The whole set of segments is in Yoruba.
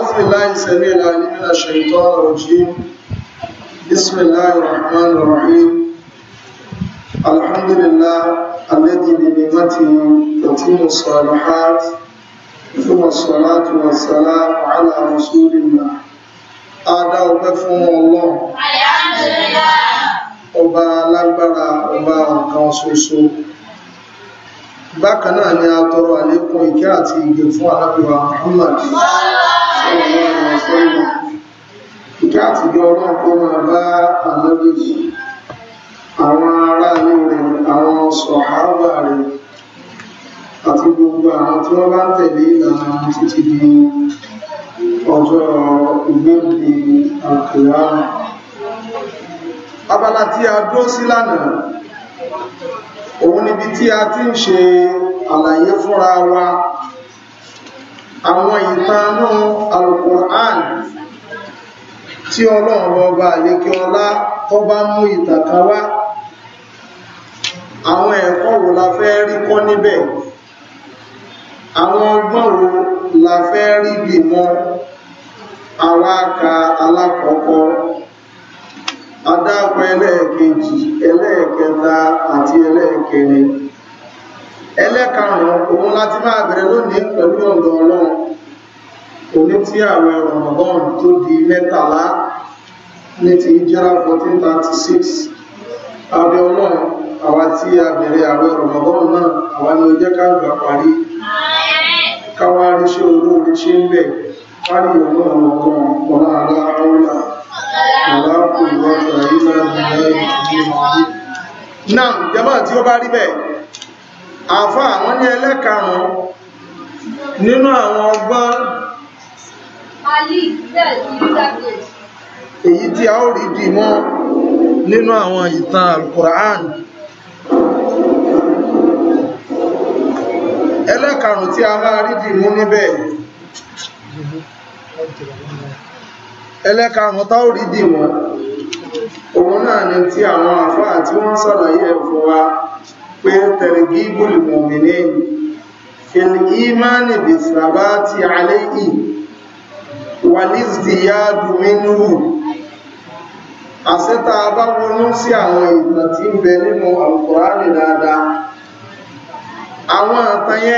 أعوذ بالله السميع العليم من الشيطان الرجيم بسم الله الرحمن الرحيم الحمد لله الذي بنعمته تتم الصالحات ثم الصلاة والسلام على رسول الله أدعو بفهم الله الحمد لله أبا alágbára ọba nǹkan ṣoṣo bákan náà ni a tọrọ àlékún ìkẹ́ àti ìgbè fún alábìwà Muhammad sallallahu alaihi wasallam ìjà àtijọ́ ọlọ́run kó máa bá ànábì àwọn aráàlú rẹ̀ àwọn sọ̀hábà rẹ̀ àti gbogbo àwọn tí wọ́n bá ń tẹ̀lé ìlànà títí di ọjọ́ ìgbéǹde àkùránù abala tí a dúró sí lánàá òun níbi tí a ti ń ṣe àlàyé fúnra wa àwọn ìtanú alukur'an tí ọlọ́run ọba àlékí ọlá tó bá mú ìtàkà àwọn ẹ̀kọ́ wo la fẹ́ rí kọ́ níbẹ̀ àwọn ọgbọ́n wo la fẹ́ rí bí mọ́ àwa ka alákọ̀ọ́kọ́ adáàpọ̀ ẹlẹ́ẹ̀kejì ẹlẹ́ẹ̀kẹta àti ẹlẹ́ẹ̀kẹrin ẹlẹ́karùn-ún òun láti máa bẹ̀rẹ̀ lónìí pẹ̀lú ọ̀dọ̀ ọlọ́run òní tí ààrẹ ramadan tó di mẹ́tàlá ní ti jẹ́ra 1436 abẹ́ ọlọ́run àwa tí a bẹ̀rẹ̀ ààrẹ ramadan náà àwa ni ó jẹ́ ká gbà parí káwá ríṣẹ́ olóorí ṣe ń bẹ̀ kárí ọ̀nà ọ̀kan ọ̀nà aláàrúlà aláàkùnrin ọ̀tọ̀ ìlànà ìlànà náà jẹ́mọ́ tí ó bá rí bẹ́ẹ̀ àfa àwọn ní ẹlẹ́karùn-ún nínú àwọn ọgbọ́n èyí tí a ó rí dì mọ́ nínú àwọn ìtàn alukur'an ẹlẹ́karùn-ún tí a máa rí dì mú níbẹ̀ ẹlẹ́karùn-ún tá ó rí dì mọ́ òun náà ni ti àwọn àfáà tí wọ́n sàlàyé ẹ̀fọ́ wa pé targhibul mu'minin fil imani bis-sabati alayhi wal-izdiyad minhu àṣẹ́ta bá ronú sí àwọn ìtàn tí ń bẹ nínú Al-Qur'ani dáadáa àwọn ìtàn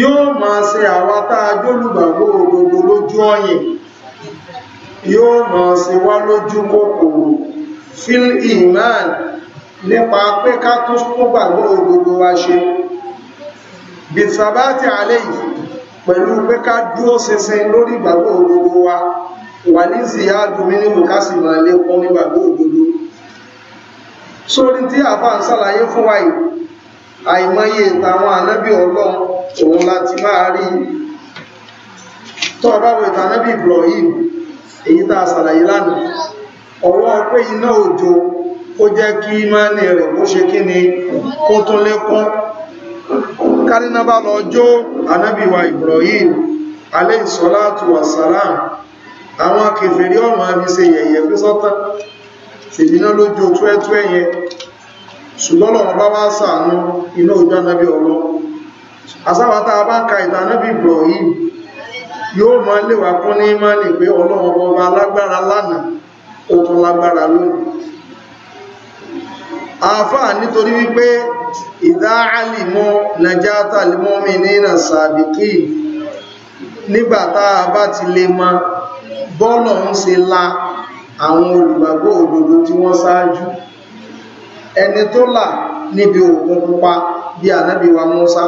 yóò máa ṣe àwa tá a lójú ọyìn yóò máa ṣe wá lójú kòkòrò fil iman nípa pé ká tún gbàgbọ́ ògbogbo wa ṣe bìtàbátì alẹ́ yìí pẹ̀lú pé ká dúró ṣinṣin lórí ìgbàgbọ́ ògbogbo wa wà ní ziyadu mínimù ká sì máa lékún nígbàgbọ́ ògbogbo sórí tí àfà ń sàlàyé fún wa yìí àìmọye ìtàwọn ànábì ọlọ́run òun láti máa rí tọ́ bá wo ìtànábì Ibrahim èyí tá a sàlàyé lánàá ọ̀rọ̀ pé iná òjò kó jẹ́ kí ìmánì rẹ̀ kó ṣe kí ni kó tún lékún kárínà bá lọ jó anábíwa Ibrahim aléìsọ́látù wàsálàm àwọn kèfèrí ọmọ abíse yẹ̀yẹ̀ fi sọ́tán tèmínà lójú túẹ́tú ẹ̀yẹ ṣùgbọ́n lọ́wọ́ bá wá ṣàánú iná ojú anábí ọlọ́ ka ìtàn Ibrahim yóò mọ́ léwà kún ní ìmánì pé ọlọ́wọ́ bá lágbára lánàá ó tún lágbára lónìí àfáà nítorí wípé ìdáhálìmọ́ lẹ́játàlìmọ́ mi nínà sàbìkì nígbàtá bá ti lè mọ bọ́ọ̀lọ̀ ń ṣe la àwọn olùgbàgbọ́ òdodo tí wọ́n ṣáájú ẹni tó là níbi òkun pupa bí ànábì wa Mùsá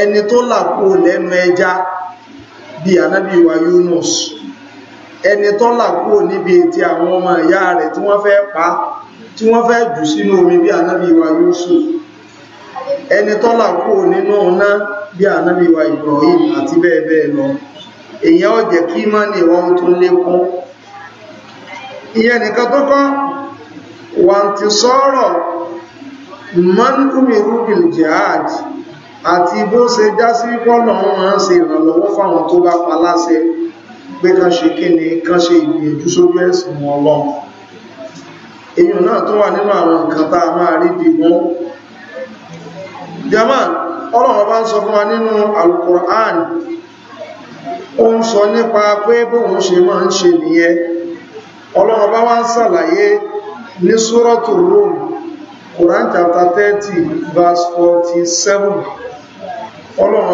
ẹni tó là kú lẹ́nu ẹja bí ànábì wa ẹni tó là kú níbi etí àwọn ọmọ ìyá rẹ̀ tí wọ́n fẹ́ pa tí wọ́n fẹ́ jù sínú omi bí ànábì wa Yusuf ẹni tọ́là kú nínú ọ̀nà bí ànábì wa Ibrahim àti bẹ́ẹ̀ bẹ́ẹ̀ lọ èyàn ọ̀jẹ̀ kí má ní wọ́n tún lékún ìyẹn nìkan tó kọ́ wà ti sọ́rọ̀ mọ́nkúmìrú bìlìjìhàd àti bó ṣe já sí kan ṣe ìgbìyànjú sójú ẹ̀sìn wọn lọ́wọ́ èyàn náà tó wà nínú àwọn nǹkan tá a máa rí bí wọ́n jama ọlọ́run bá ń sọ fún wa nínú alukur'an ó ń sọ nípa pé bóun ṣe máa ń ṣe nìyẹn ọlọ́run bá wá ń ṣàlàyé ní súrọ́tù Rum Quran chapter thirty verse forty seven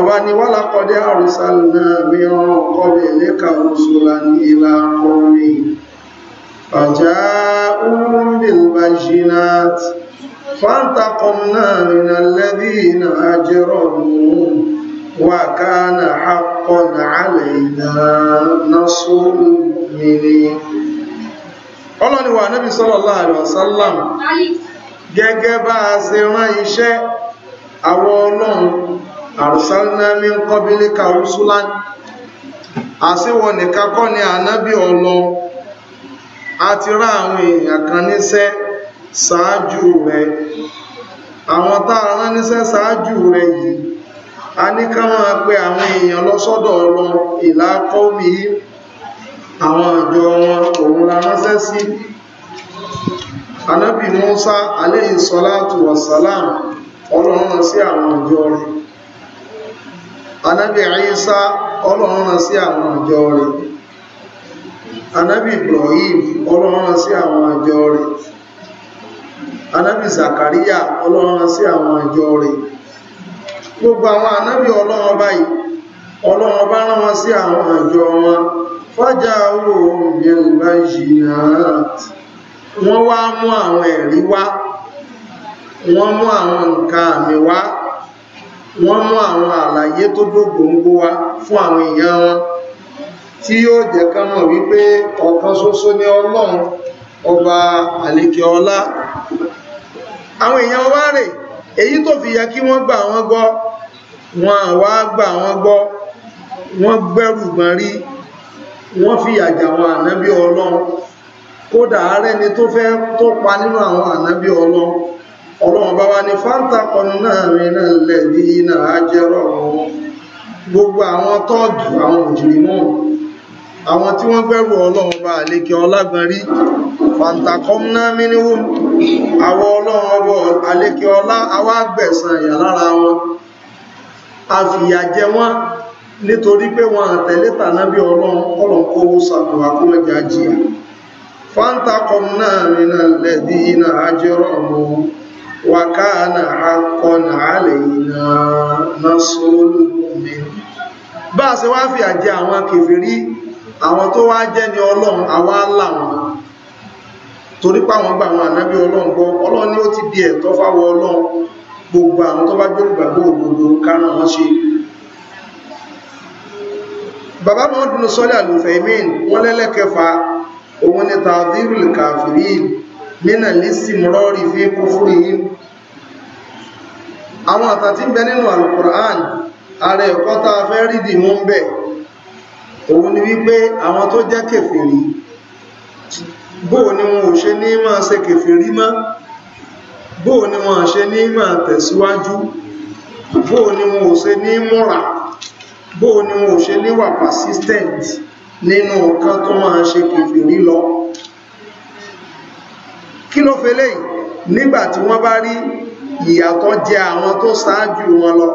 bá ní wàlàkọ́dé àrùsálì náà mìíràn kọ́lé lẹ́ka òṣùlà ní ìlà ọ̀rìn فجاءوهم بالبينات فانتقمنا من الذين أجرموا وكان حقا علينا نصر المؤمنين ọlọ́ni wa Ànábì sallallahu alaihi gẹ́gẹ́ bá a ṣe rán iṣẹ́ àwọn ọlọ́run arsalna min qablika rusulan àṣíwọ̀ nìkan kọ́ ni anabi ọlọ́run a ti rá àwọn èèyàn kan níṣẹ́ ṣáájú rẹ̀ àwọn tá a rán níṣẹ́ ṣáájú rẹ̀ yìí a ní ká máa pe àwọn èèyàn lọ́sọ́dọ̀ ọlọ́run ìlà kọ́mi àwọn àjọ wọn òun la ránṣẹ́ sí anábì Musa alayhi salatu wassalam ọlọ́run sí àwọn àjọ rẹ̀ anábì Isa ọlọ́run sí àwọn àjọ rẹ̀ anabi ibrahim ọlọ́run sí àwọn àjọ rẹ̀ anabi zakaria ọlọ́run sí àwọn àjọ rẹ̀ gbogbo àwọn anabi ọlọ́run báyìí ọlọ́run bá rán wọn sí àwọn àjọ wọn fájà owó ìyẹ̀lùbá ìṣìnàáàtì wọ́n wá mú àwọn ẹ̀rí wá wọ́n mú àwọn nǹkan àmì wá wọ́n mú àwọn àlàyé tó dógbòǹgbò wá fún àwọn èèyàn wọn tí yóò jẹ ká mọ̀ wípé ọ̀kan ṣoṣo ní ọlọ́run ọba àlékè ọlá àwọn èèyàn wá rè èyí tó fi yẹ kí wọ́n gbà wọ́n gbọ́ wọn àwa gbà wọ́n gbọ́ wọ́n gbẹ́rù wọ́n fi àjà wọn ànábí kódà tó tó pa nínú àwọn ànábí kọnu náà náà náà á gbogbo àwọn àwọn àwọn tí wọ́n gbẹ́rù ọlọ́run bá àlékè ọlágbọ̀n rí fàǹtàkọ́mná mínúwò àwọn ọlọ́run ọbọ̀ àlékè ọlá awá gbẹ̀sán ìyà lára wọn a fìyà jẹ wọ́n nítorí pé wọ́n àtẹ̀lé tànábí ọlọ́run ọlọ́run kówó sàtòwà kó mẹ́jà jìyà fàǹtàkọ́mná mínà lẹ́dí iná ajẹ́rọ̀ ọmọ wàkánà akọ̀nà àlẹ́ iná násọ́lù mi bá a ṣe wá fìyà jẹ àwọn kèfèrí àwọn tó wá jẹ́ ni ọlọ́run àwa là wọn torí páwọn gba àwọn ànábí ọlọ́run gbọ́ ọlọ́run ni ó ti di ẹ̀tọ́ fáwọn ọlọ́run gbogbo àwọn tó bá jẹ́ olùgbàgbọ́ òdodo kárán wọn ṣe bàbá mọ́dún sọ́lẹ̀ àlùfẹ̀mín wọ́n lẹ́lẹ́kẹfà òun ni tàbírùl kàfìrín nínà lísì mọ́rọ́rì fi kú fúrí àwọn àtàtí ń bẹ nínú àlùkùrán ààrẹ ẹ̀kọ́ tá a fẹ́ rídì mú ń bẹ̀ẹ́ òun ni wípé àwọn tó jẹ́ kèfèrí bóò ni wọn ò ṣe ní máa ṣe kèfèrí mọ́ bóò ni wọn ò ṣe ní máa tẹ̀síwájú bóò ni wọn ò ṣe ní múra bóò ni wọn ò ṣe ní wà persistent nínú nǹkan tó máa ṣe kèfèrí lọ kí ló fẹ́ lẹ́yìn nígbà tí wọ́n bá rí ìyàtọ̀ jẹ àwọn tó ṣáájú wọn lọ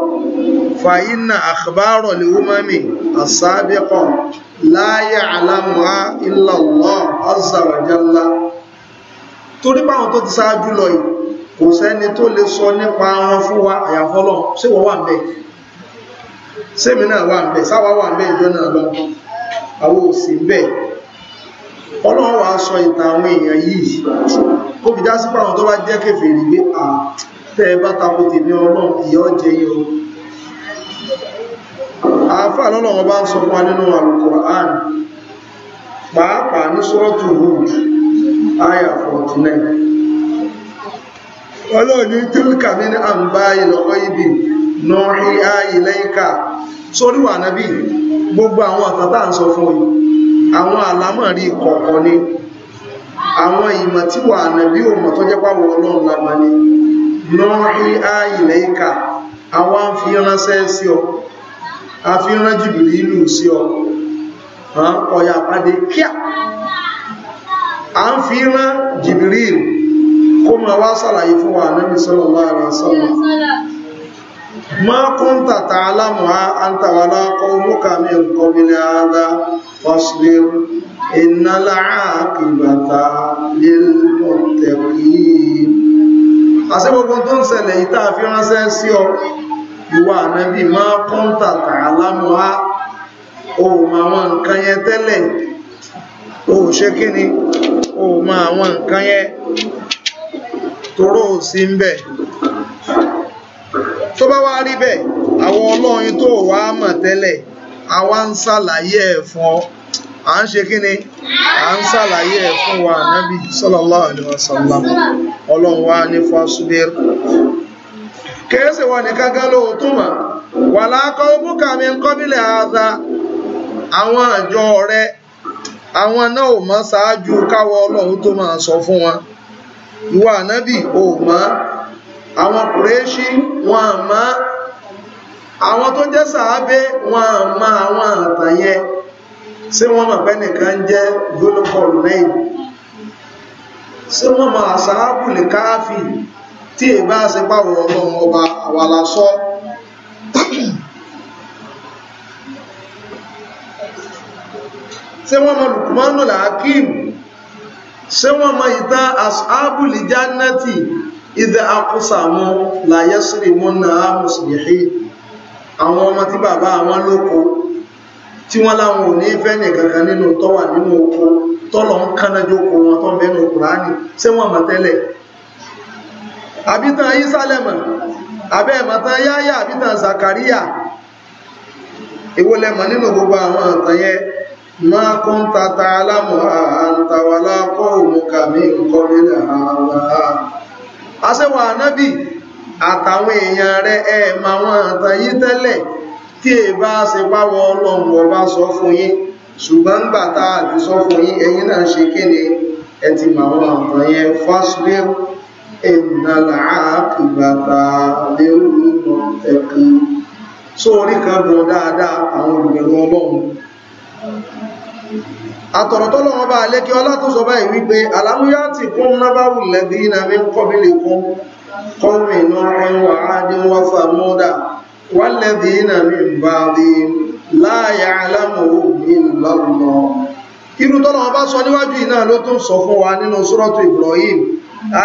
fàyínà àkàbárọ̀ lè wúmọ́mì àsábẹ́kọ̀ láyé àlámùá ìlàlọ́ azàwàjálá torí báwọn tó ti sáájú lọ yìí kò sẹ́ni tó lè sọ nípa wọn fún wa àyàfọ́lọ́ ṣé wọ́n wà ń bẹ̀ sẹ́mi náà wà ń bẹ̀ sáwà wà ń bẹ̀ ìjọ náà lọ àwọn ò sí bẹ́ẹ̀ ọlọ́run wàá sọ ìtàn àwọn èèyàn yìí ó fi já sí pàwọn tó bá jẹ́ kèfèrí gbé à bá tako tèmi ọlọ́run ìyọ́ jẹ yìí o àáfàá lọ́lọ́wọ́ bá ń sọ fún wa nínú Al-Qur'an pàápàá ní sọ́ọ̀tù Hud aya 49 ọlọ́ọ̀ni tílkà ní àmbá ìlọ́kọ́ ibi nọ́rí ayé lẹ́yìnká sórí wà náà bí gbogbo àwọn àtàtà ń sọ fún yìí àwọn àlámọ̀ rí kọ̀ọ̀kan ní àwọn ìmọ̀ tí wà náà bí òmọ̀ tó jẹ́ pàwọ̀ ọlọ́run lágbà ní nọ́rí ayé lẹ́yìnká àwọn fi ránṣẹ́ ọ a fi rán jìbìrì ìlú sí ọ ọ̀yà àpàdé kíá a ń fi rán jìbìrì ìlú kó ma wá sàlàyé fún wa náà ní sallallahu alaihi wasallam ma kunta ta'lamu anta wala qaumuka min qabli hadha fasbir innal 'aqibata lil muttaqin àṣẹ gbogbo tó ń ṣẹlẹ̀ yìí tá a fi ránṣẹ́ sí ọ ìwà ànábì máa kọ́ńtà tà o àwọn nǹkan yẹn o ṣe kí ni o àwọn nǹkan yẹn sí ń bẹ̀ tó bá wá rí bẹ́ẹ̀ àwọn ọlọ́yin tó wà á mọ̀ tẹ́lẹ̀ àwa ń ṣàlàyé ẹ̀ fún ọ à ń ṣe kí ni à wa ànábì sallallahu alaihi wasallam ọlọ́run wa ní kèésì wọn nìkan gán ló tún mọ̀ wàlá mi min qabli hadha àwọn àjọ rẹ àwọn náà ma mọ̀ kawo káwọ ọlọ́run tó máa sọ fún wọn ìwà ànábì ò mọ̀ àwọn kùrẹ́ṣí wọn àmọ́ àwọn tó jẹ́ sàábé wọn àmọ́ àwọn àtàyẹ ṣé wọ́n mọ̀ pé nìkan ń jẹ́ gbólókọ̀ọ̀lù lẹ́yìn ṣé wọ́n mọ̀ tí èyí bá ṣe pàwọ̀ ọlọ́run ọba àwa la sọ ṣé wọ́n mọ lùkùmánù làákìm ṣé wọ́n mọ ìtàn asábùlì jánátì ìdẹ akúsàmù làyẹ́sìrì mọ́nà mùsùlùmí àwọn ọmọ tí bàbá àwọn lóko tí wọ́n láwọn ò ní fẹ́ nìkankan nínú tọ́wà nínú oko tọ́lọ̀ ń kánájú oko wọn tó ń bẹ́nu kùránì ṣé wọ́n mọ̀ tẹ́lẹ̀ àbítàn ìsàlẹ̀mọ̀ àbẹ́ẹ̀mọ̀tàn yáyà àbítàn zakaria èwo lẹ́mọ̀ nínú gbogbo àwọn ọ̀tàn yẹn máa kún tata alámọ̀ àǹtàwàlá kọ́ òmùkà mi nǹkan nílẹ̀ àwàá aṣẹ́wà ànábì àtàwọn èèyàn rẹ̀ ẹ̀ mà wọn ọ̀tàn yìí tẹ́lẹ̀ tí è bá ṣe páwọ ọlọ́run ọba sọ fún yín ṣùgbọ́n gbà tá àti sọ fún yín ẹ̀yin náà ṣe kéde ẹ ti mà wọn ọ̀tàn yẹn fásitì innal aqibata lil muttaqin so orí kan lọ dáadáa àwọn olùbẹ̀rù ọlọ́run àtọ̀rọ̀tọ́lọ́ wọn bá lẹ́kí ọlá tó sọ báyìí wípé alámúyá ti kún nábàwù lẹ́bí iná mi ń kọ́bílẹ̀ kún kọ́rùn iná ẹwà ádínwá sàmúdà wọ́n lẹ́bí iná mi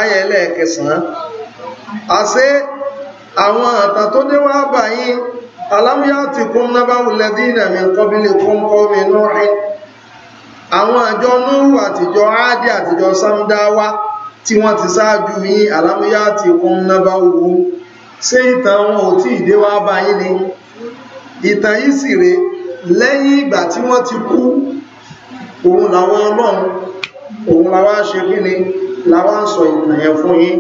ayẹ ẹlẹ́ẹ̀kẹsàn-án àṣẹ àwọn àtà tó dé wá báyìí alámúyàtì kún nábàwù lẹ́dínà mi kọ́bílì kún kọ́mi nọ́rin àwọn àjọ núhù àtijọ́ áádì àtijọ́ sámdáwá tí wọ́n ti ṣáájú yín alámúyàtì kún nábàwù ṣé ìtàn wọn ò tí ì dé wá báyìí ni ìtàn yìí sì rèé lẹ́yìn ìgbà tí wọ́n ti kú òun làwọn ọlọ́run òun làwá ṣe kí ni làwá ń sọ ìtàn yẹn fún yín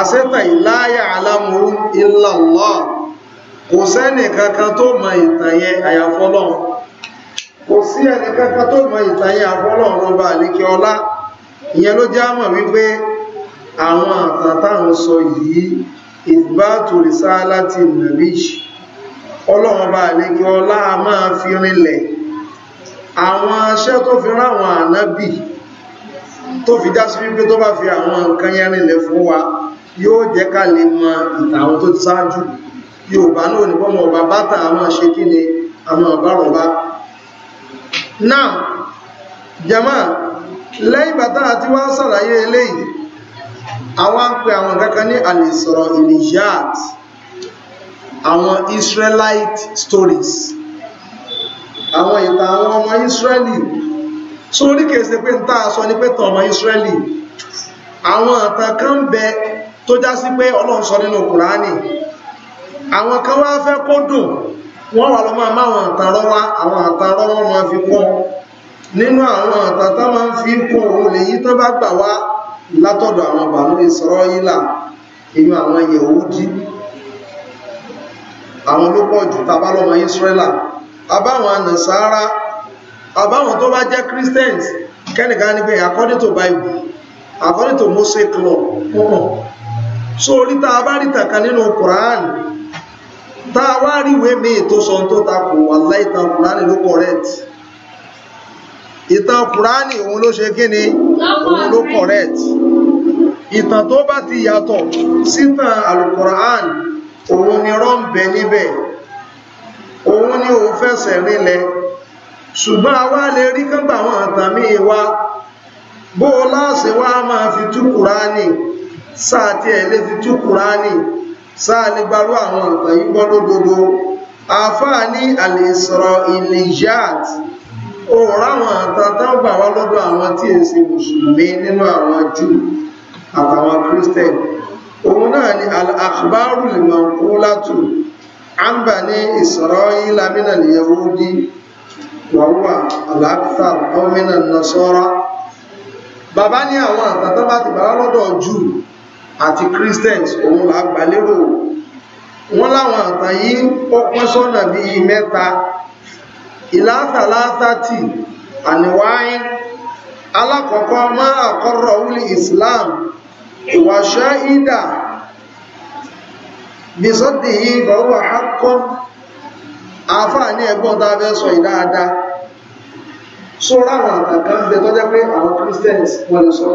àṣẹ́tà ìláyà alámú illallah kò sẹ́nì kankan tó mọ ìtàn yẹn àyàfọ́lọ́n kò sí ẹni kankan tó mọ ìtàn yẹn àfọ́lọ́n ọba àlékè ọlá mọ̀ wípé àwọn àtàn táwọn sọ yìí ìbátò rìsáálátì nàbíjì ọlọ́run ọlá a máa fi rinlẹ̀ àwọn aṣẹ́ tó fi ráwọn ànábì tó fi já sí wípé tó bá fi àwọn nǹkan yẹn rinlẹ̀ fún wa yóò jẹ́ ká lè mọ ìtàwọn tó ti ṣáájú yorùbá náà ní pọ́mọ ọba bátà a máa kí ni a máa náà jama lẹ́yìn bàtà àti wá sàlàyé eléyìí àwọn ń pe àwọn kankan ní àlè sọ̀rọ̀ Elijah àwọn Israelite stories àwọn ìta àwọn ọmọ Ísírẹ́lì sórí kèsè pé nta sọ ní pé tọmọ israeli àwọn ìtàn kan ń bẹ tó já sí pé Ọlọ́run sọ nínú Kùránì àwọn kan wá fẹ́ kó dùn wọ́n wà lọ máa àwọn máa fi kọ́ nínú àwọn tó fi kọ́ tó bá gbà wá látọ̀dọ̀ àwọn àwọn àwọn ló pọ̀ jù tabalọ́mọ àbáwọn ànàsára àbáwọn tó bá jẹ́ Christians kẹ́nìkan ní pé according to Bible according to Moses law púpọ̀ so oríta abáríta kan nínú Quran tá a wá ríwé míì tó sọ tó takò wàlá ìtàn Quran ló correct ìtàn Quran òun ló ṣe kíni òun ló correct ìtàn tó bá ti yàtọ̀ sítan alukoran òun ni rọ́ǹbẹ níbẹ̀ òun ni òun fẹsẹ̀ rinlẹ̀ ṣùgbọ́n a wá lè rí kánbà wọn àtàmì wa bó o láàṣẹ wá máa fi tú kùránì sáà tí ẹ̀ lè fi tú kùránì sáà lè gbarú àwọn nǹkan yìí gbọ́ lódodo àáfàá ní al-Isra'iliyat ó ráwọn àtàtà gbà wá lọ́dọ̀ àwọn tí è ṣe mùsùlùmí nínú àwọn jù àtàwọn Christian òun náà ni al-akhbarul manqulatu عن بني إسرائيل من اليهود وهو الأكثر أو من النصارى bàbá ní àwọn àtàtà bá ti bàbá lọ́dọ̀ jù àti christians òun là gbàlérò wọ́n láwọn àtà yìí ó pín sọ́nà bíi mẹ́ta ìlàtà látàtì àníwáyé alákọ̀ọ́kọ́ máa àkọ́rọ̀ wúlì islam ìwàṣẹ́ ìdá bisọ́dì yìí bọ̀wọ̀ akọ́ àfáà ní ẹgbọ́n tá a fẹ́ sọ yìí dáadáa so àtàkà ń bẹ tọ́jẹ́ pé àwọn Christians wọ́n lè sọ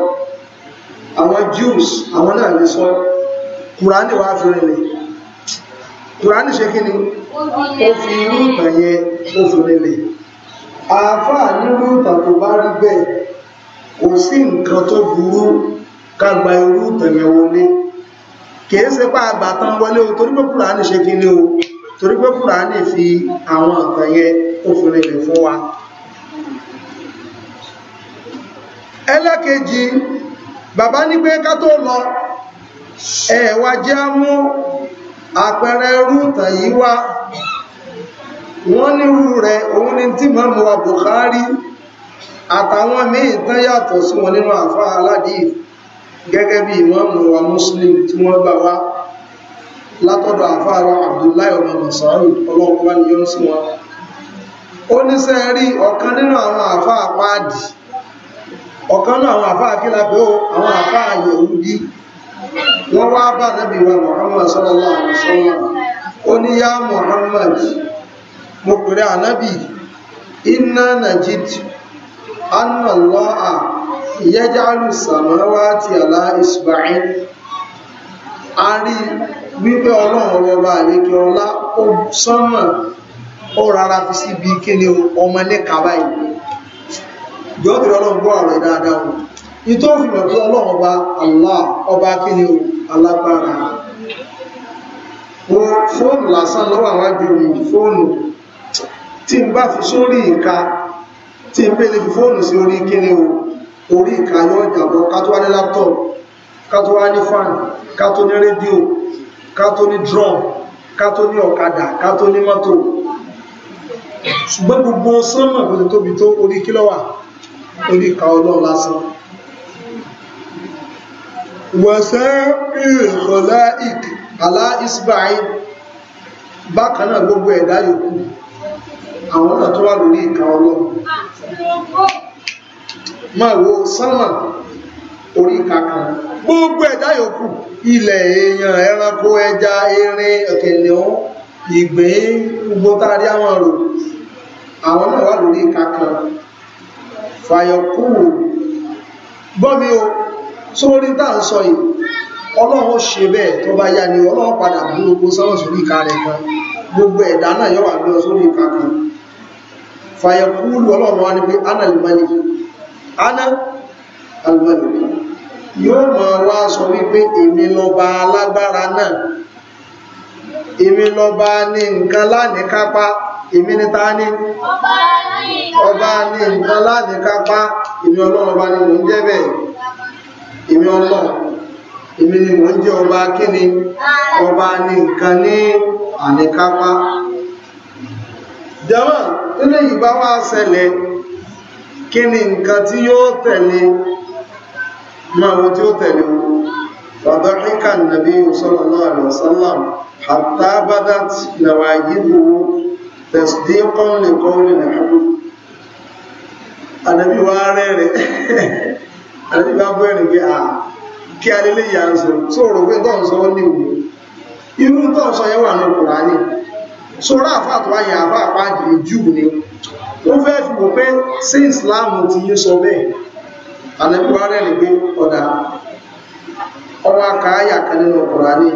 àwọn Jews àwọn náà lè sọ Kùránì wàá fi rìnlẹ̀ Kùránì ṣe kí ni ó fi irú ìtàn yẹn ó fi rìnlẹ̀ àfáà nínú ìtàn tó bá rí bẹ́ẹ̀ kò sí nǹkan tó burú ká gba irú ìtàn yẹn wọlé kìí ṣe pa àgbà tán wọlé o torí pé kùránì ṣe kí ni o torí pé kùránì fi àwọn nǹkan yẹn ó fi rìnlẹ̀ fún wa ẹlẹ́kejì bàbá ní pé ká tó lọ ẹ̀wà jẹ́ mú àpẹẹrẹ rúùtàn yìí wá wọ́n ní irú rẹ̀ òun ni tí mọ́ mọ́ Bukhari àtàwọn míì tán yàtọ̀ sí wọn nínú àfáà aládìí gẹ́gẹ́ bí ìmọ̀mù wa muslim tí wọ́n gbà wá látọ̀dọ̀ àfáàrà abdullahi ọmọ masaru ọlọ́ọ̀kọ́wá ni yọ́n sí wọn ó ní sẹ́ẹ̀rí ọ̀kan nínú àwọn àfáà páàdì ọ̀kan nínú àwọn àfáà kílàpẹ́ ó àwọn àfáà yẹ̀wúdí wọ́n wá bá nábì wa muhammad sallallahu alaihi wasallam ó ní yá muhammad mo pèrè ànábì inna najid anna allaha yẹ́jálù sàmọ́wá ti àlá ìsìbáyín a rí wípé ọlọ́run ọba àlékẹ́ ọlá ó sánmà ó rárá fi síbi kíni ọmọlé kaba ìlú jọ́bìrì ọlọ́run gbọ́ ọ̀rọ̀ dáadáa wọn ìtọ́ fi mọ̀ pé ọlọ́run ọba Allah ọba kíni alágbára wọn fóònù lásán lọ́wọ́ tí n bá fi sórí ìka tí n bẹ́ẹ̀ lè fi fóònù sí orí kíni o orí ìka yóò jàbọ̀ ká tó wá ní laptop ká tó wá ní fan ká tó ní rédíò ká tó ní drum ká tó ní ọ̀kadà ká tó ní mọ́tò ṣùgbọ́n gbogbo sánmà kò tó tóbi tó orí kí ló wà orí ìka ọlọ́run lásán wọ̀sẹ́ ìrọ̀lá ìk alá isbai bákan náà gbogbo ẹ̀dá yòókù àwọn náà tó wà lórí ìka ọlọ́run máa wo sánmà orí kankan gbogbo ẹ̀dá yòókù ilẹ̀ èèyàn ẹranko ẹja erin ọ̀kẹ̀lẹ̀ ọ̀hún ìgbín gbogbo tàbí àwọn ọ̀rọ̀ àwọn náà wà lórí kankan fàyọkúrò gbọ́mi o sórí tá à ń sọ yìí ọlọ́run ṣe bẹ́ẹ̀ tó bá yá ni ọlọ́run padà bú gbogbo sánmà sórí ìka rẹ̀ kan gbogbo ẹ̀dá náà yọ wà lọ sórí ìka kan fàyọkúrò ọlọ́run wá ní pé ánà lè máa ana alùmọ̀lùmí yóò máa wá sọ wípé èmi lọ́ba alágbára náà èmi lọ́ba ní nǹkan láni kápá èmi ní ta ní ọba ní nǹkan láni kápá èmi ọlọ́run ọba ni mò ń jẹ́ bẹ́ẹ̀ èmi ọlọ́run èmi ni mò ń jẹ́ ọba kíni ọba ní nǹkan ní àníkápá jẹ́mọ̀ nínú ìgbà wá ṣẹlẹ̀ kí ni nǹkan tí yóò tẹ̀lé máa wo tí ó tẹ̀lé bàbá ríkà nàbí sallallahu alaihi wasallam hatta badat nawajibu tasdiqan li qawli nàbí ànàbí wa rẹ̀rẹ̀ ànàbí bá bẹ̀rẹ̀ pé à kí alẹ́lẹ́yà ń sọ sóòrò pé tọ́ ń sọ ó ní ìwé irú tọ́ sọ yẹn wà ní Kùránì sọ̀rọ̀ àfáà tó agba àfáà pàdé jù ni o fẹ́ fi mọ̀ pé sí ti yé sọ bẹ́ẹ̀ àlẹ́kùnrin rẹ̀ ní pé ọ̀dà ọwọ́ aya kan nínú Kùránì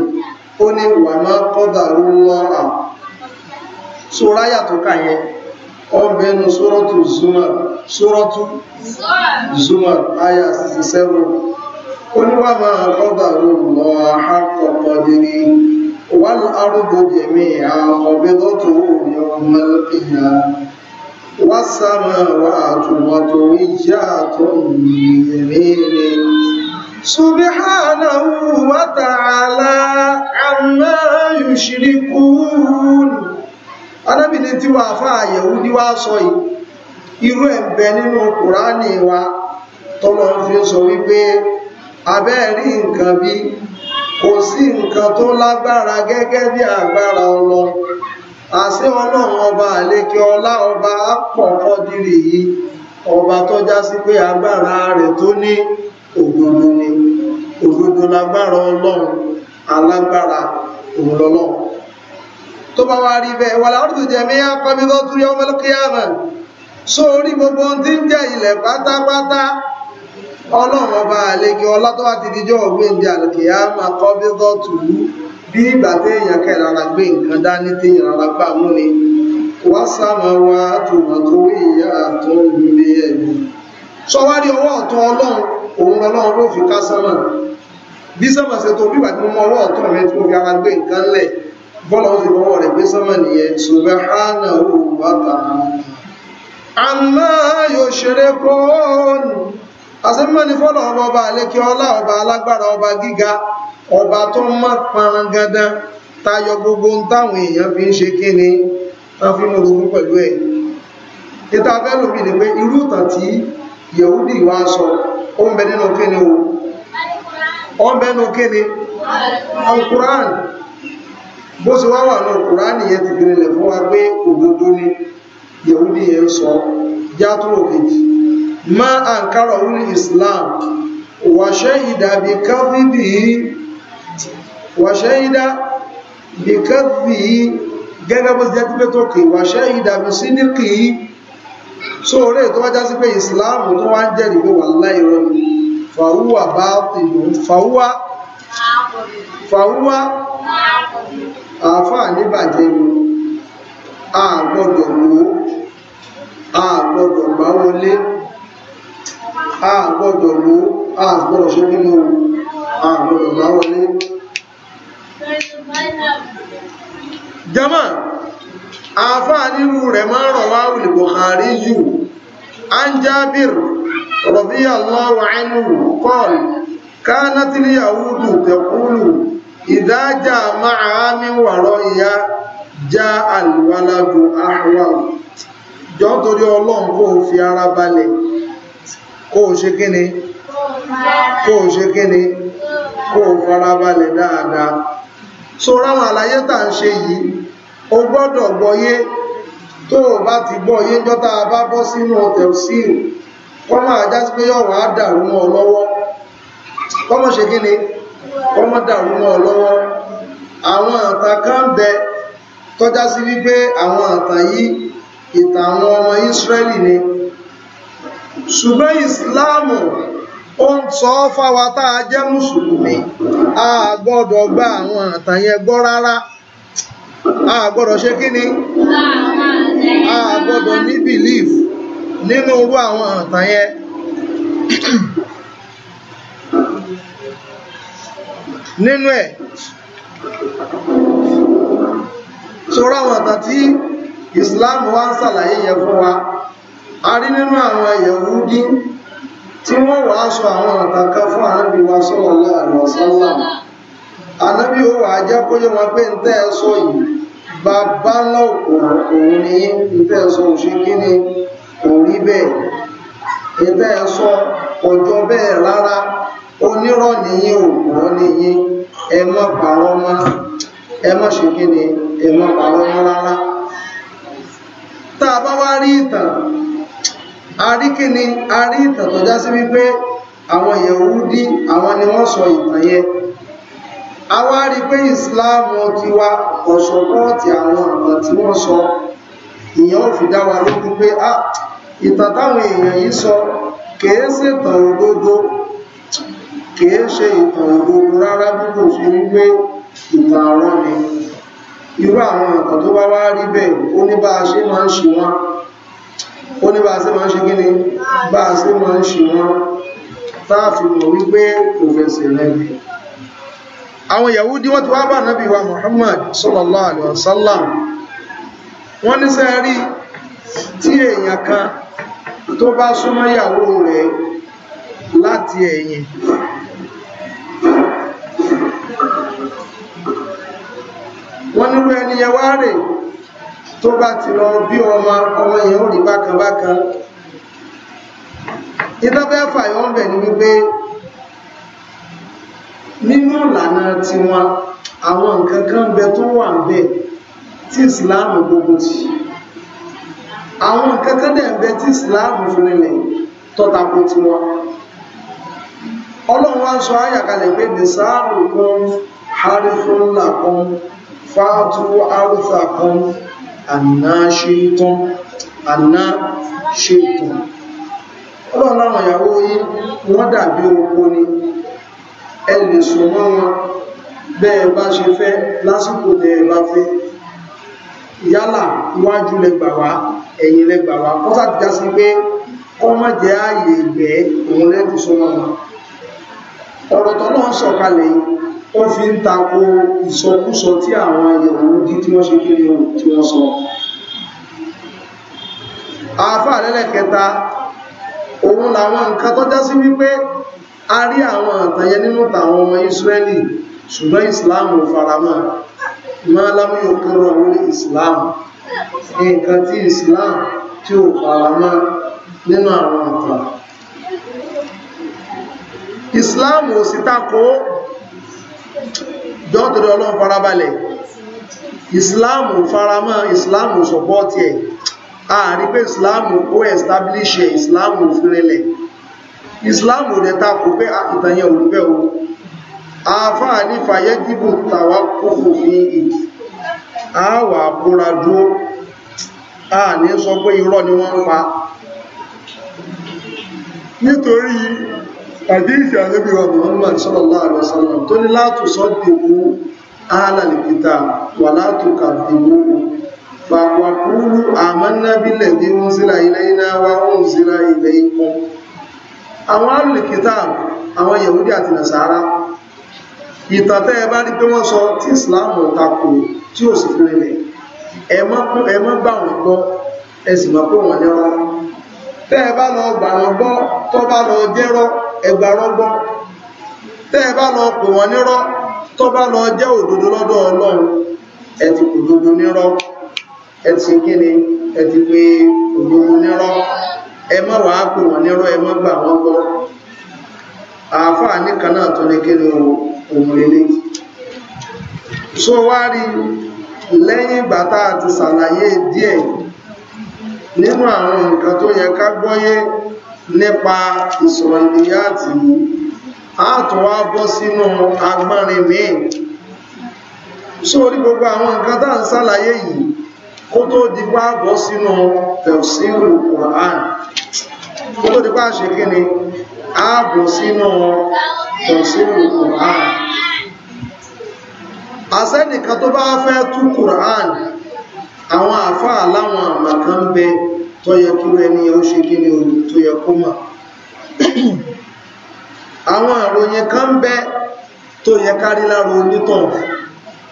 ó ní wà máa kọ́dà lọ́wọ́ à ya àyà tó kà yẹn ọbẹ̀ nu sọ́rọ̀tù Zumar sọ́rọ̀tù Zumar àyà 67 ó ní wà máa kọ́dà lọ́wọ́ àhàkọ́kọ́ والأرض جميعا قبضته يوم القيامة والسماوات مطويات بيمينه wá sọ yìí irú ẹ̀ ń bẹ nínú Kùránì wa tọ́lọ́ fi sọ wípé abẹ́ẹ̀rí nkan bi? kò sí nǹkan tó lágbára gẹ́gẹ́ bí agbára ọlọ́run àṣẹ ọlọ́run ọba àlékè ọlá ọba àpọ̀kọ́dìrì yìí ọba tó já sí pé agbára rẹ̀ tó ní òdodo ni òdodo lágbára ọlọ́run alágbára òun lọ́lọ́run tó bá wá rí bẹ́ẹ̀ wà láwọn tó jẹ̀mí akọ́bí tó túrí ọmọlókè àmọ́ sórí gbogbo ohun tí ń jẹ́ ilẹ̀ pátápátá ọlọ́run ọba àlejò ọlá tó wá ti dijọ́ ọ̀gbìn di àlùkìyà máa kọ́ bí dọ́tù bí ìgbà téèyàn kẹrànlá gbé nǹkan dání téèyàn rárá gbà mú ni wá sáàmà wá tòmọ̀ tó ìyá tó ń lé ẹ̀mí sọwárí ọwọ́ ọ̀tún ọlọ́run òun ọlọ́run ló fi ká sánmà bí sánmà ṣe tó bíbà tí mo mọ ọwọ́ ọ̀tún rẹ tí mo fi ara gbé nǹkan lẹ̀ bọ́lá ó sì fọwọ́ rẹ̀ gbé sánmà nìyẹn ṣùgbọ́n hánà òun bàtà àmọ́ yóò ṣeré kóònù àṣemọ́ni fọ́lọ̀ ọba ọba àlékí ọlá ọba alágbára ọba gíga ọba tó mọ́ parangandan tayọ gbogbo ń táwọn èèyàn fi ń ṣe kí ni wọ́n fi mú orogún pẹ̀lú ẹ̀ títà fẹ́lú mi ni pé irú ìtàn tí yehudi wá sọ ó ń bẹ nínú kí ni o ó ń bẹ nínú kí ni ọkùnrán bó ṣe wá wà ní ọkùnrán yẹn ti gbìnlẹ̀ fún wa pé òdodo ni yehudi yẹn sọ játúrò kejì ma ankara wuli islam wa shahida bi kadhibihi wa shahida bi kadhibihi gẹ́gẹ́ bó jẹ́ tí pé tó kì wà ṣẹ́ ìdàbí sí ní kì í só orí tó wájá sí pé ìsìláàmù tó wá ń jẹ́ ìgbé wà láì rọrùn fàwúwà bá ìlú fàwúwà fàwúwà àfà níbàjẹ́ ìlú àgbọ̀dọ̀ wó àgbọ̀dọ̀ gbá wọlé a gbọ́dọ̀ wo a gbọ́dọ̀ ṣe nínú a gbọ́dọ̀ gbá wọlé jama àfáà nírú rẹ̀ máa rọ̀ wá al-Bukhari yù an Jabir radiyallahu anhu qala kanatil yahudu taqulu idha jama'a min wara'iha já al-waladu jọ́ torí ọlọ́run fi ara balẹ̀ kó o ṣe kíni kó o ṣe kíni kó o farabalẹ̀ dáadáa so ráwọn àlàyé tà ń ṣe yìí o gbọ́dọ̀ gbọ́yé tó o bá ti gbọ́ yé jọ́ta bá bọ́ sínú tẹ̀síìl kọ́ máa já sí pé yọ̀wọ̀ á dàrú mọ́ ọ lọ́wọ́ kọ́mọ̀ ṣe kíni kọ́mọ̀ dàrú mọ́ ọ lọ́wọ́ àwọn àtàn kan ń bẹ tọ́já sí wípé àwọn àtàn yìí ìtàn àwọn ọmọ Ísírẹ́lì ni ṣùgbọ́n ìsìláàmù ó ń sọ fáwa tá a jẹ́ mùsùlùmí a gbọ́dọ̀ gba àwọn àtàn yẹn gbọ́ rárá a gbọ́dọ̀ ṣe kí ni a gbọ́dọ̀ ní belief nínú irú àwọn àtàn yẹn. nínú ẹ̀ sọ̀rọ̀ àwọn àtàn ìsìláàmù wá ń ṣàlàyé yẹn fún wa. a rí nínú àwọn Yẹhudi tí wọ́n wà àwọn àtàkà fún wa sallallahu alaihi wasallam ànábì ó wà ajá kó yẹ wọn pé ń tẹ́ ẹ sọ yìí bàbá lọ́kùnrin òun ni ń tẹ́ ẹ sọ òṣè kí ni kò bẹ́ẹ̀ ń tẹ́ ẹ sọ ọjọ́ bẹ́ẹ̀ rárá onírọ̀ nìyí nìyí ẹ mọ́ ni ẹ mọ́ pàrọ̀ mọ́ rárá a bá wá a rí kíni a rí ìtàn tó já sí wípé àwọn Yẹhudi àwọn ni wọ́n sọ ìtàn yẹn a wá rí pé Islam tiwa kò sọpọ́ọ̀tì àwọn àgbọn tí wọ́n sọ ìyẹn ò fi dá wa lójú pé a ìtàn táwọn èèyàn yìí sọ kìí ṣe ìtàn òdodo kìí ṣe ìtàn òdodo rárá bí kò ṣe wípé ìtàn àrọ́ ni irú àwọn nǹkan tó bá wá rí bẹ́ẹ̀ ó ní bá a ṣe máa ń ṣe wọn ó ní bá a ṣe máa ń ṣe gíní bá a ṣe máa ń ṣe wọn táàfin mọ̀ wípé kò fẹsẹ̀ lẹ́nu àwọn Yahudi wọ́n ti wá bá nábi wa Muhammad sallallahu alaihi wọ́n ní sẹ́rí tí èèyàn kan tó bá súnmọ́ ìyàwó rẹ̀ láti ẹ̀yìn wọ́n nírú ẹni yẹn tó bá ti lọ bí ọmọ ọmọ yẹn ò rí bákan bákan ìtọ́fẹ́ fàyọ́ ń bẹ̀ ni wípé nínú ìlànà tiwọn àwọn nǹkan kan bẹ tó wà ń bẹ tí ìsìláàmù gbogbo ti àwọn nǹkan kan dẹ̀ ń bẹ tí ìsìláàmù fún ilẹ̀ tọ́tako tiwọn ọlọ́run wá ń sọ ayàkalẹ̀ pé nìsáàrù kan harifun làkan fàátù arúfà kan àná ṣetán àná ṣetán ọlọ́run láwọn ìyàwó yìí wọ́n dàbí oko ni ẹ lè sùn mọ́ wọn bẹ́ẹ̀ bá ṣe fẹ́ lásìkò tẹ́ẹ̀ bá fẹ́ yálà iwájú lẹgbà wá ẹ̀yìn lẹgbà wá wọ́n sàtìjá sí pé kọ́ mọ́ jẹ́ ààyè ìgbẹ́ òun lẹ́bùsọ́nà wọn ọ̀rọ̀ tọ́lọ́ ń sọ̀kalẹ̀ wọ́n fi ń tako ìsọkúsọ tí àwọn Yẹhudi tí wọ́n ṣe kéré ohun tí wọ́n sọ àáfà lẹ́lẹ́kẹta òun làwọn nǹkan tó já sí wípé a rí àwọn àtàyẹ nínú tàwọn ọmọ Ísírẹ́lì ṣùgbọ́n ìsìláàmù faramọ́ máa lámúyò kọrọ orí ìsìláàmù nǹkan tí ìsìláàmù tí ò faramọ́ nínú àwọn àtà ìsìláàmù ò sì tako jọ́tọ̀dọ̀ ọlọ́run farabalẹ̀ islam faramọ́ islam sọ̀pọ́tì ẹ̀ ààrí pé islam ó establish ẹ̀ islam fúnrẹ̀lẹ̀ islam rẹ̀ ta kò pé ah, ìtànyẹ̀ olùfẹ́ o àáfàá ní fàyẹ́dìbò tàwa kókò fi ì àáwà kóra dúró a ní sọ pé irọ́ ni wọ́n ń pa nítorí Hadithi Ànábì wa Muhammad sallallahu alaihi wasallam tó ní la tusaddiqu ahlal kitab wa la tukadhibuhum fa qulu amanna billadhi unzila ilayna wa unzila ilaykum. Àwọn ahlul kitab àwọn Yahudi àti Nasara ìtàn tẹ́ rí pé wọ́n sọ tí Islam takò tí ò sì fún ilẹ̀ ẹ ẹgbà rọ́gbọ́n tẹ́ ẹ bá lọ pè wọ́n nírọ́ bá lọ jẹ́ òdodo lọ́dọ̀ ọlọ́run ẹ ti nírọ́ ẹ ti kí ni ẹ nírọ́ ẹ má wàá pè wọ́n nírọ́ ẹ má gbà wọ́n gbọ́ àáfàá náà tó ní òun nípa ìsọ̀rọ̀lẹ̀yàtì àtọ̀wà bọ́ sínú agbárin míì sórí gbogbo àwọn nǹkan tá ń sàlàyé yìí kó tó dípá bọ́ sínú tẹ̀síwò Quran kó tó dípá ṣe kí ni a bọ́ sínú tẹ̀síwò Quran àṣẹ́nìkan tó bá fẹ́ tú Quran àwọn àfáà láwọn àmàkan bẹ́ẹ̀ tó yẹ kí ẹni ó ṣe kí ni tó yẹ kó mọ̀ àwọn àròyìn kan ń bẹ tó yẹ kárí lára onítàn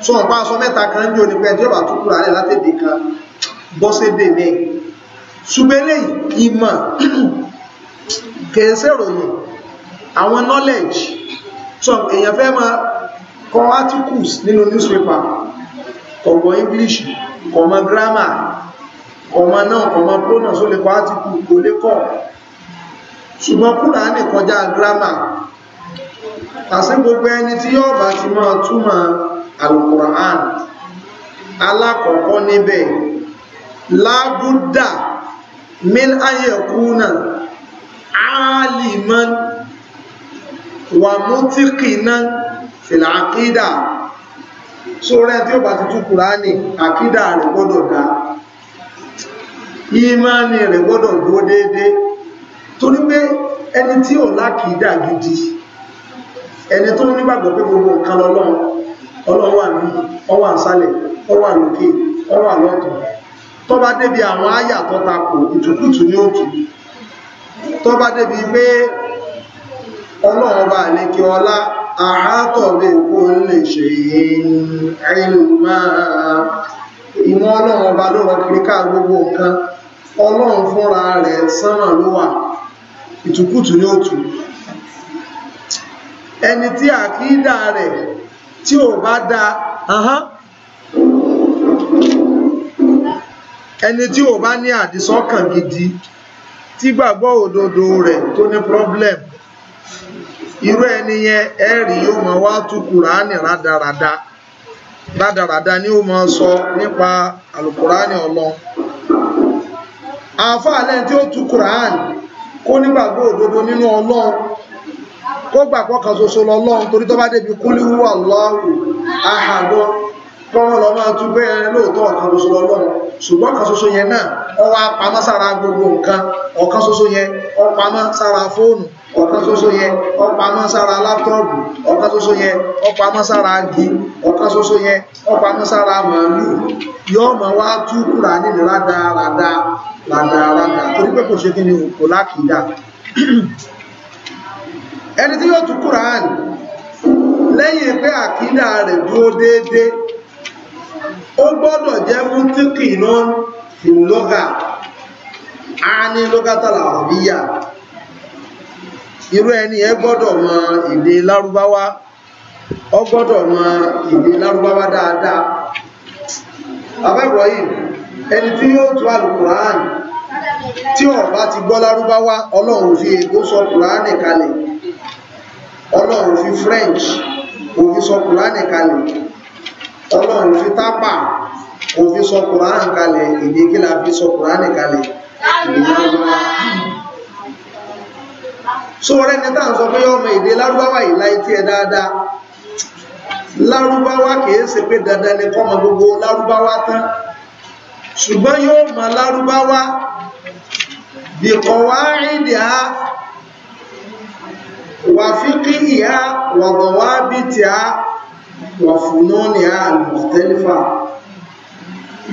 tó ọ̀pá aṣọ mẹ́ta kan ní onípẹ́ tí ó bá tó kúrò alẹ́ látẹ̀dé kan bọ́sédè ní ṣùgbẹ́lẹ̀ ìmọ̀ kẹsẹ̀ ròyìn àwọn knowledge tó èèyàn fẹ́ máa kọ articles nínú newspaper kò mọ̀ English kò mọ̀ grammar ọmọ náà ọmọ pronoun ó lè kọ́ átíkù kò lè kọ́ ṣùgbọ́n Kùránì kọjá gírámà àṣẹ gbogbo ẹni tí yóò bá ti máa túmọ̀ alukura'an alákọ̀ọ́kọ́ níbẹ̀ lábúdà min ayẹ̀kúnà aliman wà mútíkìnà fìlàkídà sórẹ́ tí ó bá ti tú Kùránì àkídà rẹ̀ gbọ́dọ̀ dáa I rẹ̀ gbọ́dọ̀ dúró déédéé torí pé ẹni tí ò lákìídà gidi ẹni tó ní gbàgbọ́ pé gbogbo nǹkan lọ́lọ́run ọlọ́run wà ní ọwọ́ àṣálẹ̀ ọwọ́ àlòkè ọwọ́ àlọ́tọ̀ tọba débi àwọn àyà tó takò ìtùkùtù ní òtù débi pé bá lè kí ọlá bí ṣe ọba ló rọ kiri gbogbo nǹkan ọlọ́run fúnra rẹ̀ sánmà ló wà ìtùkùtù ní òtù ẹni tí àkídà rẹ̀ tí ò bá da ahán ẹni tí ò bá ní àdìsọ́kàn gidi tí gbàgbọ́ òdodo rẹ̀ tó ní problem irú ẹni yẹn ẹ̀rí yóò máa wá tú kùránì rádaràda rádaràda ni ó máa sọ nípa àlùkùránì ọlọ́run afọ tí ó tú kùránì kó nígbàgbọ́ òdodo nínú ọlọ́run kó gbàgbọ́ kan ṣoṣo lọ́lọ́run torí tó bá débi kú ní wúwà lọ́rù àhàdọ́ kọ́wọ́ lọ máa tú pé lóòótọ́ ọ̀kan ṣoṣo ṣùgbọ́n ṣoṣo yẹn náà ọ̀kan ṣoṣo yẹ ọpamọ́ sára láptọ́ọ̀bù ọ̀kan ṣoṣo yẹ ọpamọ́ sára agi ọ̀kan ṣoṣo yẹ ọpamọ́ sára màálù yóò mọ̀ wá tú kúrà nínú rádaràdà rádaràdà torí pé kò ṣe kí ni kò lákìdá ẹni tí yóò tú kúrà ní lẹ́yìn pé àkídà rẹ̀ dúró déédéé ó gbọ́dọ̀ jẹ́ mútíkì náà ìlógà á ní lógátàlà àbíyà irú ẹni ẹ gbọ́dọ̀ mọ èdè lárúbáwá ọ gbọ́dọ̀ mọ èdè lárúbáwá dáadáa abẹ́bọ̀ yìí ẹni tí yóò tú alukuran tí ó bá ti gbọ́ lárúbáwá ọlọ́run fi ègbó sọ kùránì kalẹ̀ ọlọ́run fi french òfin sọ kùránì kalẹ̀ ọlọ́run fi tápà òfin sọ kùránì kalẹ̀ èdè kí la fi sọ kùránì kalẹ̀ èdè lárúbáwá so rẹ ní tá à ń sọ pé ọmọ èdè lárúbáwá yìí láì tiẹ̀ dáadáa lárúbáwá kìí ṣe pé dandan ni kọ́mọ gbogbo lárúbáwá tán ṣùgbọ́n yóò mọ lárúbáwá bí qawaidiha wa fiqihiha wa dawabitiha wa fununiha al-mukhtalifa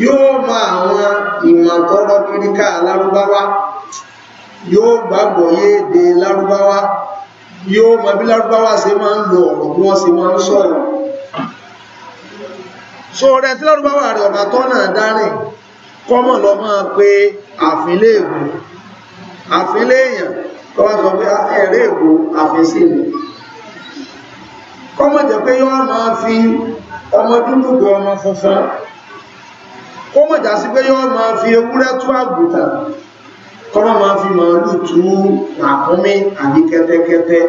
yóò mọ àwọn ìmọ̀ tọ́lọ́ kiri ká lárúbáwá yóò gbàgbọ́ yéèdè lárúbáwá yóò mọ bí lárúbáwá ṣe máa ń lo ọ̀rọ̀ bí wọ́n ṣe máa ń sọ̀rọ̀ so rẹ̀ tí lárúbáwá rẹ̀ ọ̀gá tọ́nà dárìn kọ́mọ̀ lọ máa pé àfilé ègbò àfilé èèyàn kọ́ wá sọ pé ah, ẹ̀rẹ́ ègbò àfisí ni kọ́mọ̀ jẹ́ pé yóò máa fi ọmọ dúdú ọmọ funfun kọ́mọ̀ jà sí pé yóò máa fi ewúrẹ́ tú àgùntàn kọ́nà máa fi màálù tú ràkúnmí àbí kẹ́tẹ́kẹ́tẹ́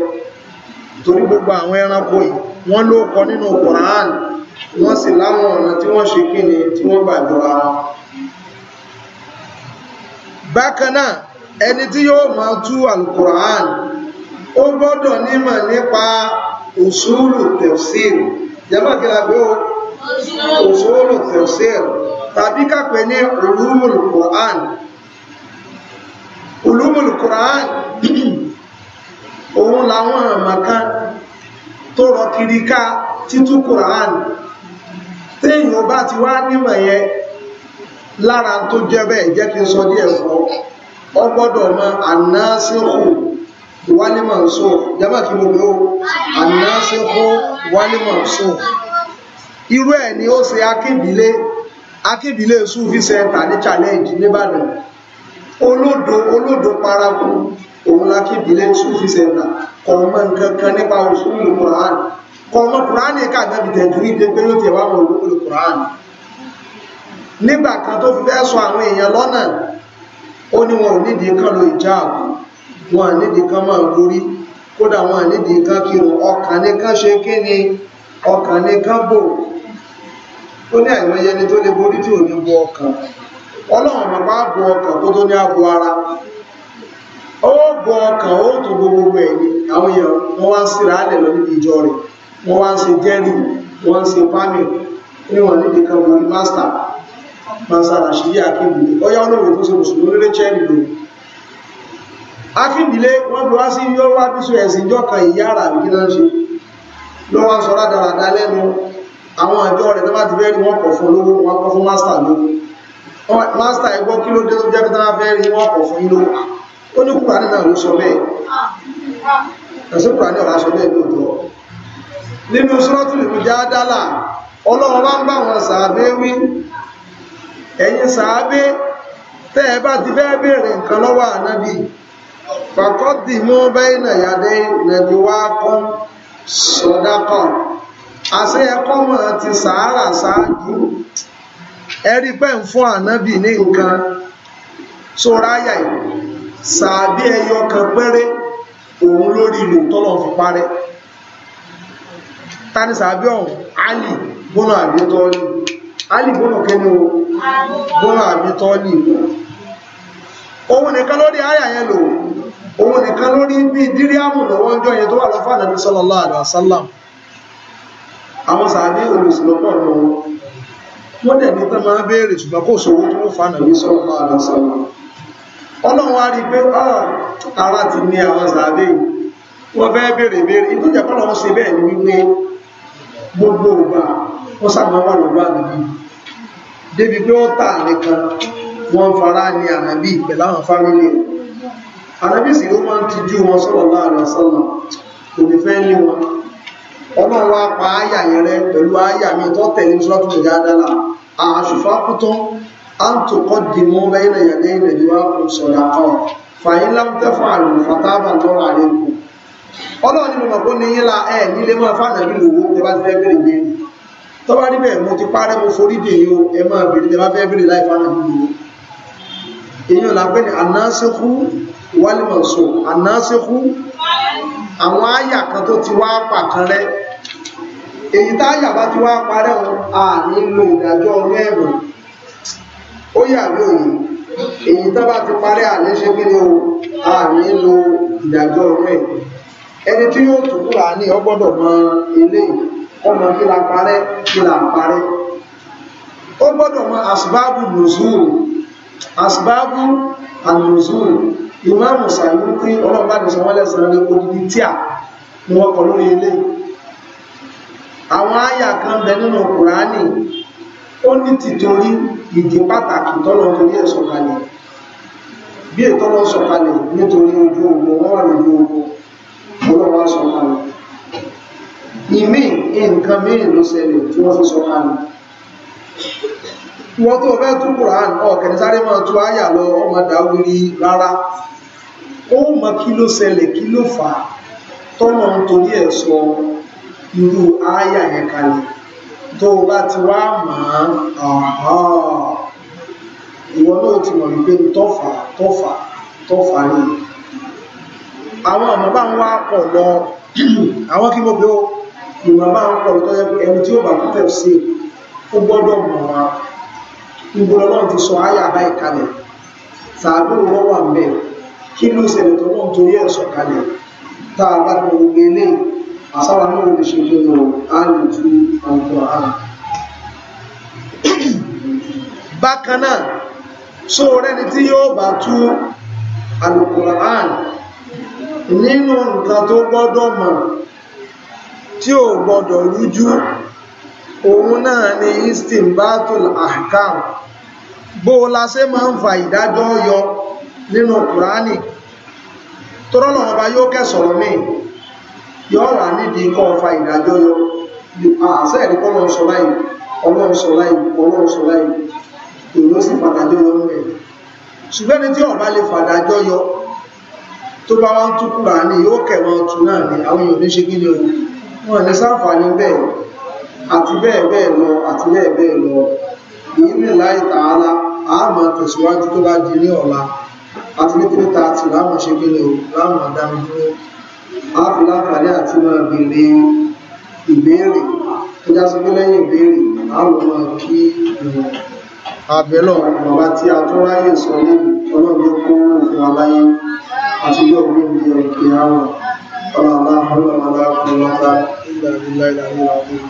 torí gbogbo àwọn ẹranko yìí wọ́n ló kọ nínú Quran wọ́n sì láwọn ọ̀nà tí wọ́n ṣe kíni tí wọ́n gbàjọ ara bákan náà ẹni tí yóò máa tú alukuran ó gbọ́dọ̀ nímọ̀ nípa usulu tafsir jẹ́mọ̀kìlágbé usulu tafsir tàbí kàpẹ́ ní ulumul Quran ulumul Qur'an òun làwọn àmàká tó rọ kiri ká títú Qur'an téèyàn bá ti wá nímọ̀ yẹn lára tó jẹ́ bẹ́ẹ̀ jẹ́ kí n sọ díẹ̀ fún ọ gbọ́dọ̀ mọ ànásíkù wálímọ̀nsó jẹ́mà kí mo gbé ó ànásíkù wálímọ̀nsó irú ẹ̀ ni ó ṣe akébílé akébílé Sufi Center ní challenge nìbàdàn olodo olodo paraku òun la kí ìdílé sufi center kọ̀ ọmọ nǹkan kan nípa òṣùlù Quran kọ̀ ọmọ ká gbẹ́bí tẹ̀jú ìdè yóò tiẹ̀ wá wọn nígbà kan tó fi fẹ́ sọ àwọn èèyàn lọ́nà ó ní wọn ò nídìí kan lo ìjáàbù wọn à nídìí kan ọkàn ṣe ni ọkàn nìkan bò ó ní àìmọye ẹni tó lè borí tí ọlọ́run bàbá bu ọkàn tó tó ní abo ara ó bu ọkàn ó tó gbogbo ẹ̀yìn àwọn èèyàn wọ́n wá ń síra alẹ̀ lọ níbi ìjọ rẹ̀ wọ́n wá ń ṣe jẹ́rì wọn ń ṣe pamẹ́ níwọ̀n níbi kan borí mástà mástà rashidi akíndìlé tó ṣe mùsùlùmí lórí bí wá sí wá bí fún olówó wọn fún mástà ẹgbọ́ kí ló dé tó jẹ́ pẹ́tàrà fẹ́ rí wọ́n pọ̀ fún ìlú ó ní kúrò nínú ìlú sọ bẹ́ẹ̀ ẹ̀sùnkúrò ní ọ̀rá sọ bẹ́ẹ̀ lóòtọ́ nínú sọ́rọ́tùlù ìjádálà ọlọ́run bá ń bá wọn sàábé wí ẹ̀yin sàábé tẹ́ ẹ bá ti fẹ́ béèrè nǹkan lọ́wọ́ ànábì fàkọ́dì mú bẹ́ẹ̀nà yàdé nàbí wá kún sọ̀dákọ̀ àṣẹ ẹ̀kọ́ ti sàárà ẹ̀rí pẹ́ ń fún ànábì ní nǹkan sóráyà sàábí ẹyọ kan péré òun lórí ìlò tọ́lọ̀ fi parẹ́ tani sàábí ọ̀hún alì gbónà àbí alì gbónà kẹ́ni o gbónà O òun nìkan lórí àyà yẹn lò òun nìkan lórí bí díríàmù lọ́wọ́ ń yẹn tó wà lọ́fà nàbí sallallahu alaihi àwọn wọ́n dẹ̀ ní tán máa béèrè ṣùgbọ́n kò sówó tó fà nàbí sọ́rọ̀ máa lọ sọ ọlọ́run wá rí pé ah, ara ti ní àwọn sàádé wọ́n fẹ́ béèrè béèrè ìtò jẹ́ kọ́ lọ́wọ́ ṣe bẹ́ẹ̀ ni wípé gbogbo ògbà wọ́n sàmọ́ wà lọ́wọ́ ànábì débi pé ó tà nìkan wọ́n fara ní ànábì pẹ̀lú àwọn fámìlì ànábì sì ló máa ń tijú wọn sọ̀rọ̀ láàrin sọ́nà kò ní fẹ́ ní wọn ọlọ́run wá pa áyà yẹn rẹ pẹ̀lú áyà mi tó tẹ̀lé sọ́tù ìjádàlà àṣùfà kútó àǹtòkọ́ dìmú bẹ́yìn ẹ̀yàdẹ́ ìnàjíwá kò sọ̀dà kan fàyín lámtẹ́fà àrùn fatábà lọ́rọ̀ àlékù ọlọ́run nínú mọ̀kó ní yín la ẹ̀ nílé máa fànàbí lòwó tẹ bá ti fẹ́ bèrè gbé tó bá mo ti parẹ́ mo forí dè yín o ẹ máa bèrè tẹ bá fẹ́ bèrè láì fànàbí lòwó èyí ò lápẹ́ ní anáṣẹ́kú wálé mọ̀ọ́sọ anáṣẹ́kú àwọn àyà kan tó ti wá pa kan rẹ èyí tá àyà bá ti wá parẹ́ wọn a ní lo ìdájọ́ ọ̀rọ̀ ẹ̀rùn ó yà bí òun èyí tá bá ti parẹ́ àní ṣe kí ni o a ní lo ìdájọ́ ọ̀rọ̀ ẹ̀rùn ẹni tí yóò tún kúrò ní ó gbọ́dọ̀ mọ eléyìí ọmọ kí la parẹ́ kí la parẹ́ ó gbọ́dọ̀ mọ asbábù nùzúù asbábù ànùzúù ìmáàmù Sàyútì ọlọ́pàá ní sanwó lẹ́sàn-án ní odidi tíà ni wọ́n kọ lórí ilé àwọn àyà kan bẹ nínú kùránì ó ní tìtorí ìdí pàtàkì tọ́lọ̀ torí ẹ̀ sọ̀kalẹ̀ bí ètò lọ sọ̀kalẹ̀ nítorí ojú ogun wọ́n wà lójú ogun ọlọ́wọ́ sọ̀kalẹ̀ ìmí nǹkan mìíràn ló ṣẹlẹ̀ tí wọ́n fi sọ̀kalẹ̀ wọ́n tó fẹ́ tú Quran ọ̀kẹ́ni sáré máa tú àyà lọ ọmọ dáwìrì rárá ó mọ kí ló ṣẹlẹ̀ kí ló fà á tọ́nà nítorí ẹ̀ sọ irú àyà yẹn kalẹ̀ tó o bá ti wá mọ̀ ọ́n ìwọ náà ti mọ̀ wípé tọ́fà tọ́fà tọ́fà rí àwọn ọmọ bá ń wá pọ̀ lọ àwọn kí mo bí ó ìwọ̀n bá ń pọ̀ lọ tọ́jú ẹni tí ó bá kú tẹ̀ sí ó gbọ́dọ̀ mọ̀ wọn ibo ọlọ́run ti sọ ayà bá ìkalẹ̀ tàbí wọ́n wà mẹ́ kí ló ṣẹlẹ̀ tó wọ́n torí ẹ̀ sọ kalẹ̀ tá a bá gbọ́ gbogbo ilé àsáwà náà lè ṣe kí lọ á lè tú ọkọ̀ àrùn. bákan náà sọ rẹni tí yóò bá tú Al-Qur'an nínú nǹkan tó gbọ́dọ̀ mọ̀ tí ò gbọ́dọ̀ rújú òun náà ni istinbatul ahkam bó o la ṣe máa ń fa ìdájọ́ yọ nínú kùránì tọ́rọ̀nà ọba yóò kẹsọ̀rọ̀ míì yọ́ wà nídìí kọ́ fa ìdájọ́ yọ àṣẹ ìdíkọ́ lọ sọ láì ọlọ́run sọ láì ọlọ́run sọ láì èyí ó sì fàdájọ́ yọ ń bẹ̀ ṣùgbọ́n ní tí ọba lè fàdájọ́ yọ tó bá wá ń tú kùránì yóò kẹ̀wọ́n tú náà ní àwọn èèyàn ní ṣe kí ni o wọn ní sáǹfààní bẹ́ẹ̀ àti bẹ́ẹ̀ bẹ́ẹ̀ lọ àti bẹ́ẹ̀ bẹ́ẹ̀ lọ ìní láì tààlà a máa tẹ̀síwájú tó bá di ní ọ̀la àti ní three thirty láwọn ṣe gbélé o láwọn àdáni dúró a fi láǹfààní àti máa béèrè ìbéèrè tó já sí pé lẹ́yìn ìbéèrè àwọn máa kí ìwọ̀n abẹ́lọ̀ bàbá tí a tún ráyè sọ lẹ́yìn ọlọ́run ló kó òfin aláyé àti yóò gbé ní ẹ̀kẹ́ àwọn ọlọ́run aláhùn ọlọ́run aláhùn ọlọ́run aláhùn ìlànà ìlànà ìlànà